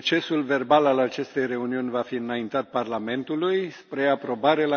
procesul verbal al acestei reuniuni va fi înaintat parlamentului spre aprobare la începutul sesiunii plenare.